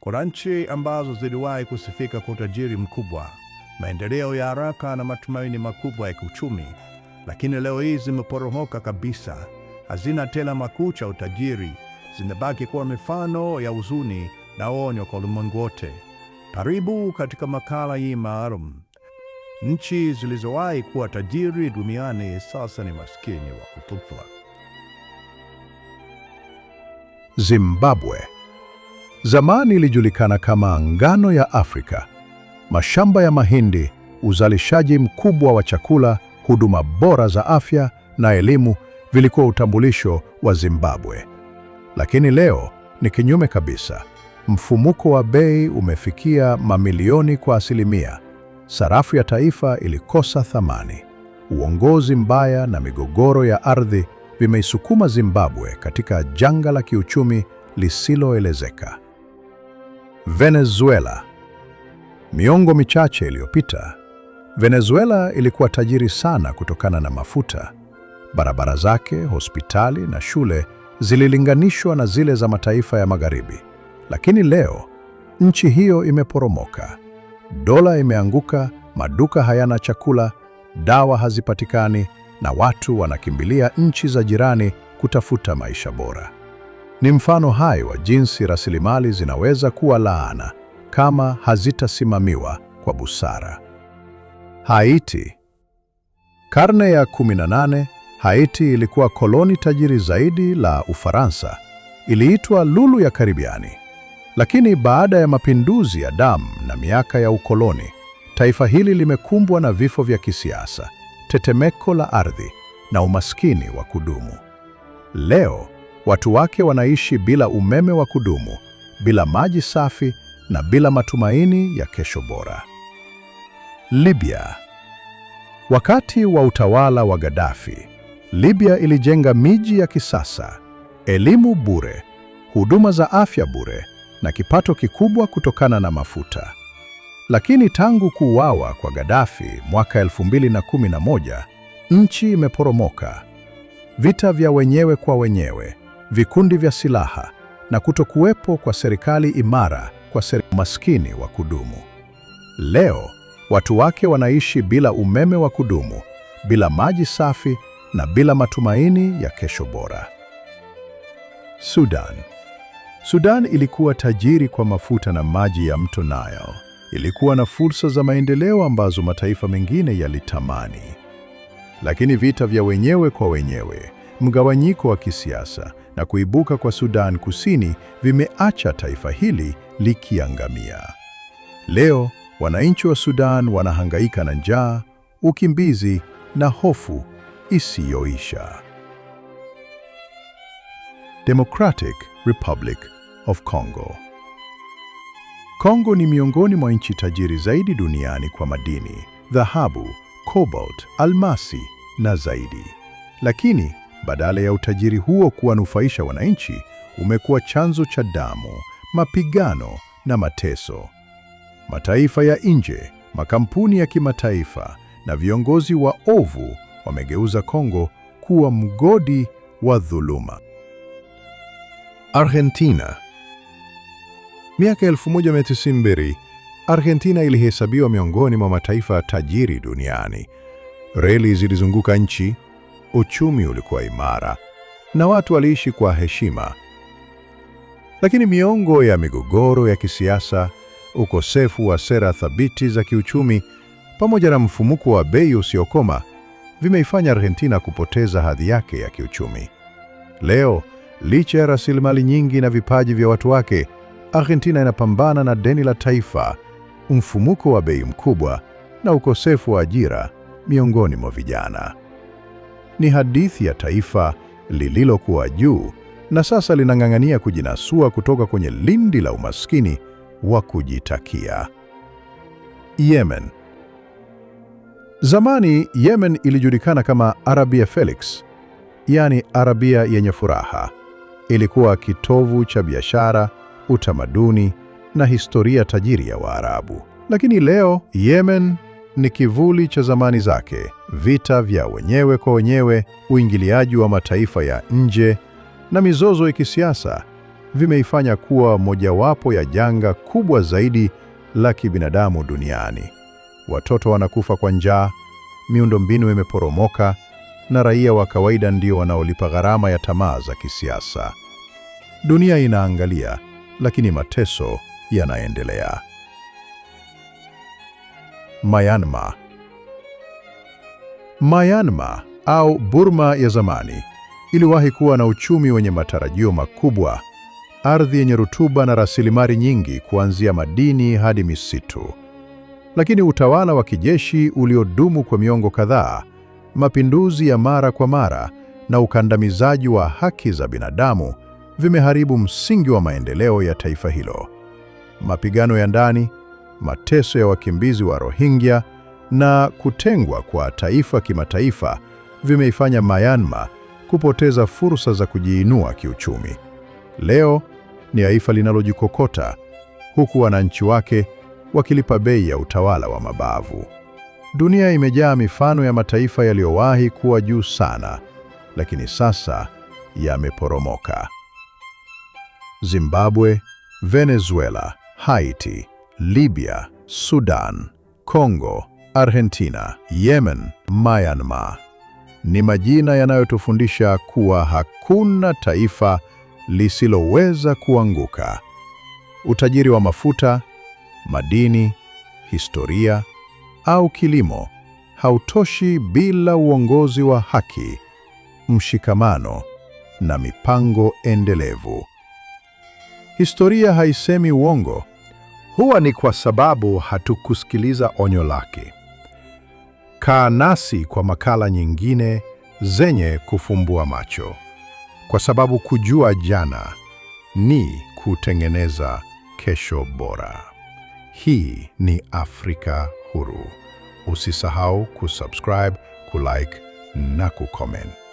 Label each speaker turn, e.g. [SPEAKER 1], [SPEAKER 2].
[SPEAKER 1] Kuna nchi ambazo ziliwahi kusifika kwa utajiri mkubwa, maendeleo ya haraka na matumaini makubwa ya kiuchumi, lakini leo hii zimeporomoka kabisa. Hazina tena makuu cha utajiri, zimebaki kuwa mifano ya huzuni na onyo kwa ulimwengu wote. Karibu katika makala hii maalum, nchi zilizowahi kuwa tajiri duniani sasa ni maskini wa kutupwa.
[SPEAKER 2] Zimbabwe Zamani ilijulikana kama ngano ya Afrika. Mashamba ya mahindi, uzalishaji mkubwa wa chakula, huduma bora za afya na elimu vilikuwa utambulisho wa Zimbabwe. Lakini leo ni kinyume kabisa. Mfumuko wa bei umefikia mamilioni kwa asilimia. Sarafu ya taifa ilikosa thamani. Uongozi mbaya na migogoro ya ardhi vimeisukuma Zimbabwe katika janga la kiuchumi lisiloelezeka.
[SPEAKER 3] Venezuela. Miongo michache iliyopita, Venezuela ilikuwa tajiri sana kutokana na mafuta. Barabara zake, hospitali na shule zililinganishwa na zile za mataifa ya magharibi. Lakini leo nchi hiyo imeporomoka. Dola imeanguka, maduka hayana chakula, dawa hazipatikani na watu wanakimbilia nchi za jirani kutafuta maisha bora. Ni mfano hai wa jinsi rasilimali zinaweza kuwa laana kama hazitasimamiwa kwa busara.
[SPEAKER 4] Haiti. Karne ya 18, Haiti ilikuwa koloni tajiri zaidi la Ufaransa. Iliitwa Lulu ya Karibiani. Lakini baada ya mapinduzi ya damu na miaka ya ukoloni, taifa hili limekumbwa na vifo vya kisiasa, tetemeko la ardhi na umaskini wa kudumu. Leo Watu wake wanaishi bila umeme wa kudumu, bila maji safi na bila matumaini ya kesho bora.
[SPEAKER 5] Libya. Wakati wa utawala wa Gaddafi, Libya ilijenga miji ya kisasa, elimu bure, huduma za afya bure na kipato kikubwa kutokana na mafuta. Lakini tangu kuuawa kwa Gaddafi mwaka 2011, nchi imeporomoka. Vita vya wenyewe kwa wenyewe, vikundi vya silaha na kutokuwepo kwa serikali imara kwa serikali maskini wa kudumu. Leo watu wake wanaishi bila umeme wa kudumu, bila maji safi na bila matumaini ya kesho bora.
[SPEAKER 6] Sudan. Sudan ilikuwa tajiri kwa mafuta na maji ya mto Nile. Ilikuwa na fursa za maendeleo ambazo mataifa mengine yalitamani. Lakini vita vya wenyewe kwa wenyewe, mgawanyiko wa kisiasa na kuibuka kwa Sudan Kusini vimeacha taifa hili likiangamia. Leo wananchi wa Sudan wanahangaika na njaa, ukimbizi na hofu isiyoisha.
[SPEAKER 7] Democratic Republic of Congo. Kongo ni miongoni mwa nchi tajiri zaidi duniani kwa madini, dhahabu, cobalt, almasi na zaidi. Lakini badala ya utajiri huo kuwanufaisha wananchi, umekuwa chanzo cha damu, mapigano na mateso. Mataifa ya nje, makampuni ya kimataifa na viongozi wa ovu wamegeuza Kongo kuwa mgodi wa dhuluma.
[SPEAKER 8] Argentina. Miaka 1992 Argentina ilihesabiwa miongoni mwa mataifa tajiri duniani. Reli zilizunguka nchi, uchumi ulikuwa imara na watu waliishi kwa heshima. Lakini miongo ya migogoro ya kisiasa, ukosefu wa sera thabiti za kiuchumi, pamoja na mfumuko wa bei usiokoma vimeifanya Argentina kupoteza hadhi yake ya kiuchumi. Leo, licha ya rasilimali nyingi na vipaji vya watu wake, Argentina inapambana na deni la taifa, mfumuko wa bei mkubwa na ukosefu wa ajira miongoni mwa vijana ni hadithi ya taifa lililokuwa juu na sasa linang'ang'ania kujinasua kutoka kwenye lindi la umaskini wa kujitakia.
[SPEAKER 9] Yemen. Zamani Yemen ilijulikana kama Arabia Felix, yaani Arabia yenye furaha. Ilikuwa kitovu cha biashara, utamaduni na historia tajiri ya Waarabu. Lakini leo Yemen ni kivuli cha zamani zake: vita vya wenyewe kwa wenyewe, uingiliaji wa mataifa ya nje na mizozo ya kisiasa vimeifanya kuwa mojawapo ya janga kubwa zaidi la kibinadamu duniani. Watoto wanakufa kwa njaa, miundombinu imeporomoka na raia wa kawaida ndio wanaolipa gharama ya tamaa za kisiasa. Dunia inaangalia, lakini mateso yanaendelea.
[SPEAKER 10] Myanmar. Myanmar au Burma ya zamani iliwahi kuwa na uchumi wenye matarajio makubwa, ardhi yenye rutuba na rasilimali nyingi kuanzia madini hadi misitu. Lakini utawala wa kijeshi uliodumu kwa miongo kadhaa, mapinduzi ya mara kwa mara na ukandamizaji wa haki za binadamu vimeharibu msingi wa maendeleo ya taifa hilo. Mapigano ya ndani, mateso ya wakimbizi wa Rohingya na kutengwa kwa taifa kimataifa vimeifanya Myanmar kupoteza fursa za kujiinua kiuchumi. Leo ni taifa linalojikokota huku wananchi wake wakilipa bei ya utawala wa mabavu. Dunia imejaa mifano ya mataifa yaliyowahi kuwa juu sana, lakini sasa yameporomoka.
[SPEAKER 11] Zimbabwe, Venezuela, Haiti Libya, Sudan, Kongo, Argentina, Yemen, Myanmar. Ni majina yanayotufundisha kuwa hakuna taifa lisiloweza kuanguka. Utajiri wa mafuta, madini, historia au kilimo hautoshi bila uongozi wa haki, mshikamano na mipango endelevu. Historia haisemi uongo huwa ni kwa sababu hatukusikiliza onyo lake. Kaa nasi kwa makala nyingine zenye kufumbua macho, kwa sababu kujua jana ni kutengeneza kesho bora. Hii ni Afrika Huru. Usisahau kusubscribe, kulike na kucomment.